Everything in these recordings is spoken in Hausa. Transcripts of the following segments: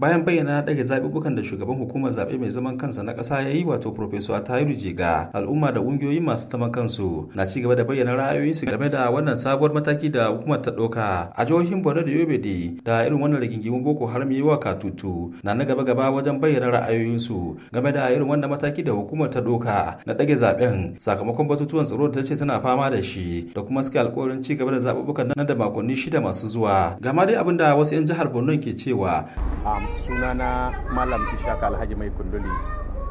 bayan bayyana daga zaɓuɓɓukan da shugaban hukumar zaɓe mai zaman kansa na kasa ya yi wato Profesor Atayiru Jega al'umma da ƙungiyoyi masu zaman kansu na ci gaba da bayyana su game da wannan sabuwar mataki da hukumar ta ɗauka a jihohin Borno da Yobe da irin wannan rigingimun Boko Haram yi wa katutu na na gaba-gaba wajen bayyana ra'ayoyinsu game da irin wannan mataki da hukumar ta ɗauka na ɗage zaɓen sakamakon batutuwan tsaro da ta ce tana fama da shi da kuma suke alƙawarin ci gaba da zaɓuɓɓukan nan da makonni shida masu zuwa. Gama dai abin da wasu 'yan jihar Borno ke cewa. sunana malam ishaq alhaji mai kunduli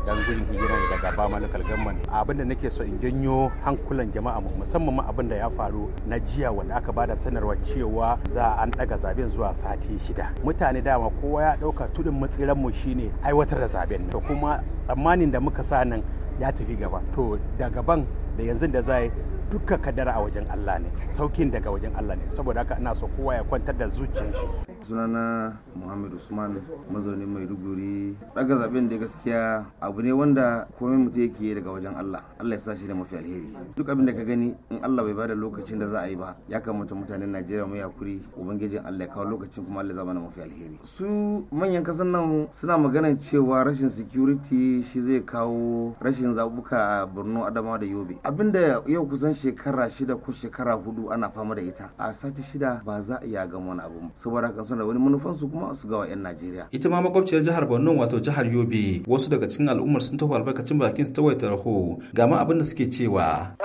dan gudun hijira ne daga ba malakal gamman abin da nake so in janyo hankulan jama'a mu musamman ma abin da ya faru na jiya wanda aka bada sanarwa cewa za an daga zaben zuwa sati shida mutane dama kowa ya dauka tudun matsiran mu shine aiwatar da zaben to kuma tsammanin da muka sa nan ya tafi gaba to da gaban da yanzu da za duka kadara a wajen Allah ne saukin daga wajen Allah ne saboda haka ina so kowa ya kwantar da zuciyar shi sunana muhammad usman mazaunin maiduguri daga zaben da gaskiya abu ne wanda komai mutum yake daga wajen allah allah ya sa shi da mafi alheri duk abin da ka gani in allah bai bada lokacin da za a yi ba ya kamata mutanen najeriya mu yakuri ubangijin allah ya kawo lokacin kuma allah ya zama na mafi alheri su manyan kasan nan suna maganan cewa rashin security shi zai kawo rashin zabuka a borno adamawa da yobe abinda yau kusan shekara shida ko shekara hudu ana fama da ita a sati shida ba za a iya gama wani abu saboda haka suna wani manufansu kuma su gawa 'yan Najeriya. Ita ma makwabciyar jihar Borno wato jihar Yobe wasu daga cikin al'ummar sun tafi albarkacin bakin su ta waita raho ga ma abin da suke cewa.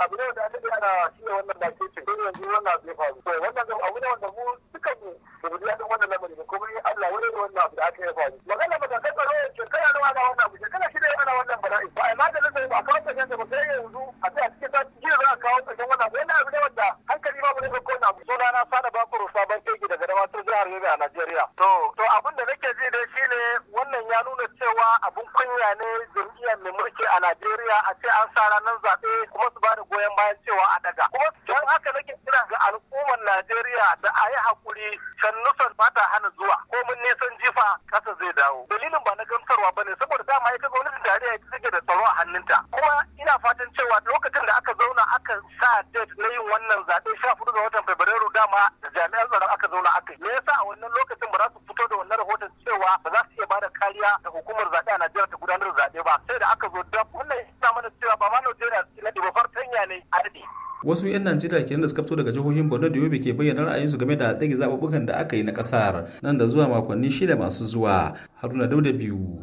abu ne wanda aka yi ana shi ne wannan bakin ce da yanzu wannan zai faru to wannan abu ne wanda mu dukkan mu da mu ji daɗin wannan lamarin ko mun yi Allah da wannan da aka yi faru magana matakan ba a kawo ƙarshen ba yanzu a sai a cikin sati jiya za a kawo ƙarshen wannan abu wannan abu ne wanda hankali ma ba zai ɗauko wannan abu. Sona na sada bakuru sabon fegi daga damatar jihar Yobe a Najeriya. To to abin da nake ji dai shine wannan ya nuna cewa abun kunya ne jam'iyyar mai mulki a Najeriya a ce an sa ranar zaɓe kuma su ba da goyon bayan cewa a daga. Kuma don haka nake kira ga al'ummar Najeriya da a yi haƙuri sannu san ba ta hana zuwa ko mun nisan jifa ƙasa zai dawo. Dalilin dama ita gwamnatin tarayya ita take da tsaro a hannunta kuma ina fatan cewa lokacin da aka zauna aka sa date na yin wannan zaɓe sha hudu ga watan fabrairu dama jami'an tsaro aka zauna aka me yasa a wannan lokacin ba za su fito da wannan rahoton cewa ba za su iya ba da kariya da hukumar zaɓe a Najeriya ta gudanar da zaɓe ba sai da aka zo da wannan yana mana cewa ba ma Najeriya na ɗiba fartanya ne a daɗe wasu 'yan najeriya kenan da suka fito daga jihohin borno da yobe ke bayyana ra'ayinsu game da tsage zaɓuɓɓukan da aka yi na ƙasar nan da zuwa makonni shida masu zuwa haruna dauda biyu